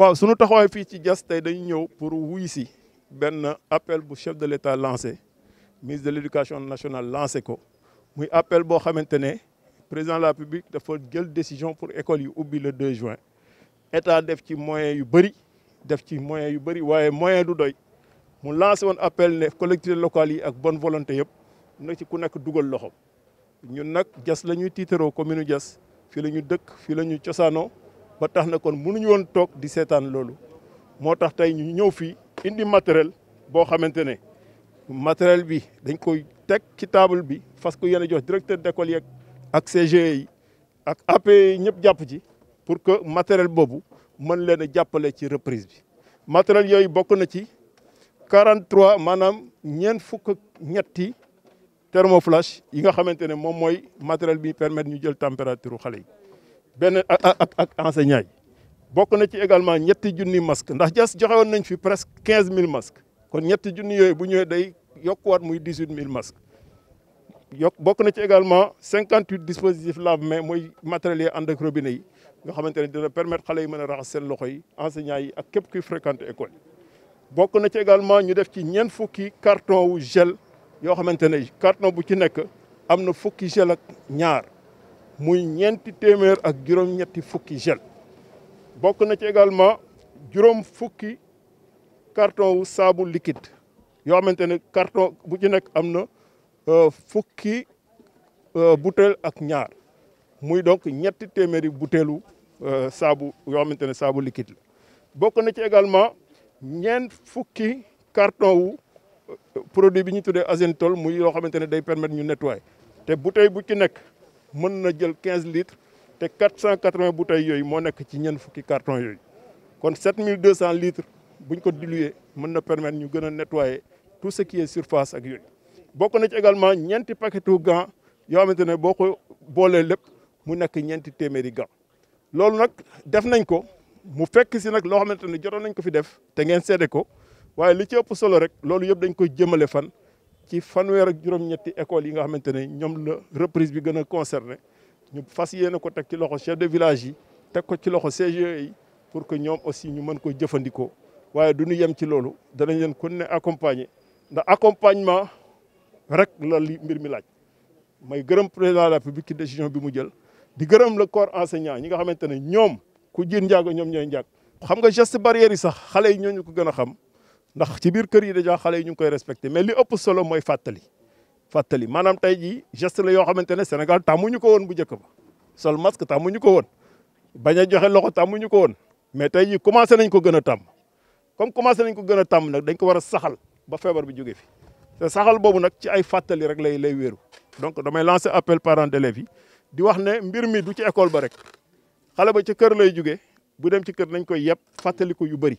waaw sunu taxawaay fii ci Diass tey dañu ñëw pour wuy si benn appel bu chef de l'État lancé ministre de l'éducation nationale lancé ko muy appel boo xamante ne président de la République dafa jël décision pour école yu ubbi le juin état def ci moyens yu bëri def ci moyens yu bëri waaye moyen du doy mu lancé woon appel ne collectivités locales yi ak bonne volonté yëpp na ci ku nekk dugal loxo ñun nag Diass la ñuy tiitaroo commune u Diass fii la ñu dëkk fii la ñu cosaanoo ba tax na kon mënuñu woon toog di seetaan loolu moo tax tey ñu ñëw fii indi matériel boo xamante ne matériel bi dañ koy teg ci table bi fas ko yéene jox directeur d'école yeeg ak CGE ak APE ñëpp jàpp ci pour que matériel boobu mën leen a jàppale ci reprise bi matériel yooyu bokk na ci 43 maanaam ñeent fukk ñetti thermoflash yi nga xamantene mom moy matériel bi permettre ñu jël température xalé ben ak ak enseignant yi bokk na ci également ñetti junni masque ndax jas joxe nañ fi presque 15000 mille masques kon ñetti junni yoy bu ñewé day yokkuwaat muy 18000 huit masques yokk bokk na ci également 58 dispositifs lave-mains moy matériel yi ànd ak robinet yi nga xamantene ne dina permettre xalé yi mëna rax sen seen loxo yi enseignants yi ak képp kuy fréquenter école yi bokk na ci également ñu def ci ñen fukki carton wu gel yoo xamante ne carton bu ci nekk am na fukki gel ak ñaar muy ñeenti téeméer ak juróom-ñetti fukki gel bokk na ci également juróom fukki carton wu saabu liquide yoo xamante ne carton bu ci nekk am na euh, fukki euh, butéel ak ñaar muy donc ñetti téeméeri butéelu euh, saabu yoo xamante ne saabu liquide la bokk na ci également ñeent fukki carton wu produit bi ñu tuddee azénitol muy lo xamantene day permettre ñu nettoyer té bouteille bu ci nek mën na jël 15 litres té 480 bouteilles yooyu moo nekk ci ñeent fukki carton yoy kon 7200 litres buñ ko diluer mën na permettre ñu gëna nettoyer tout ce qui est surface ak yoy bokku na ci également ñenti paquetu gants yo xamantene ne bolé. ko mu nek ñenti téméri gants loolu nak def nañ ko mu fekk si nak lo xamantene ne jotoon nañ ko fi def té ngeen sédé ko waaye li ci ëpp solo rek loolu yëpp dañ koy jëmale fan ci fanweer ak juróom-ñetti école yi nga xamante ne ñoom la reprise bi gën a concerné ñu fas yéene ko teg ci loxo chef de village yi teg ko ci loxo CGE yi pour que ñoom aussi ñu mën ko jëfandikoo waaye du ñu yem ci loolu danañ leen kon accompagne accompagner ndax accompagnement rek la li mbir mi laaj may gërëm président de la République ci décision bi mu jël di gërëm la corps enseignant ñi nga xamante ne ñoom ku jiit njaago ñoom ñooy njaag xam nga geste barrière yi sax xale yi ñooñu ko gën a xam ndax ci biir kër yi déjà xale yi ñu ngi koy respecté mais li ëpp solo mooy fàttali fàttali maanaam tey jii geste la yoo xamante ne Sénégal tàmmuñu ko woon bu njëkk ba sol mu ñu ko woon bañ a joxe loxo tàmmuñu ko woon mais tey jii commencé nañ ko gën a tàmm comme commencé nañ ko gën a tàmm nag dañ ko war a saxal ba feebar bi jóge fi te saxal boobu nag ci ay fàttali rek lay lay wéeru donc damay lancer appel parents d'élèves yi di wax ne mbir mi du ci école ba rek xale ba ca kër lay jóge bu dem ci kër nañ koy yëpp fàttali ko yu bëri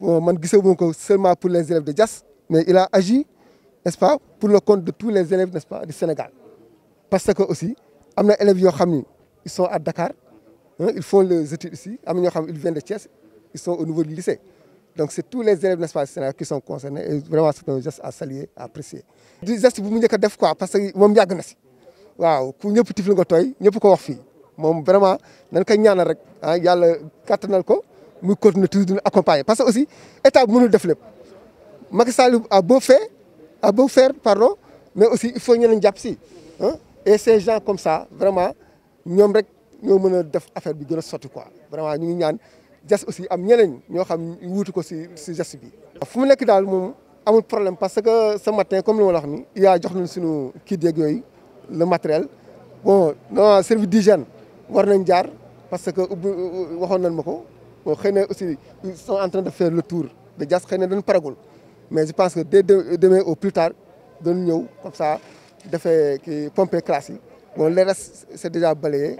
bon man l'ai pas ko seulement pour les élèves de Diass mais il a agi n'est-ce pas pour le compte de tous les élèves n'est-ce pas du Sénégal parce que aussi am élèves yoo ils sont à Dakar hein, ils font les études ici ils viennent de Thiès ils sont au niveau du lycée donc c'est tous les élèves n'est-ce pas du Sénégal qui sont concernés et vraiment c'est un geste à saluer à apprécier. Du geste bu mu njëkk vous def quoi parce que moom yàgg na si waaw ku ñëpp tifli nga tooy ñëpp ko wax fii moom vraiment nañ koy ñaanal rek ah yàlla le ko. Nous continuons toujours accompagner parce que aussi état bi nous def a beau faire a beau faire mais aussi il faut ñeneen jàpp hein. et ces gens comme ça vraiment nous rek ñoo def affaire quoi vraiment ñu ngi ñaan ils aussi am Nous ñoo xam wuutu ko ci si faire. bi. fu mu problème parce que ce matin comme nous l'avons dit, il y a des gens qui nous le matériel bon non service d'hygiène war parce que aussi ils sont en train de faire le tour de Dias de dans mais je pense que dès demain au plus tard ils vont comme ça de qui pomper classique bon le reste c'est déjà balayé.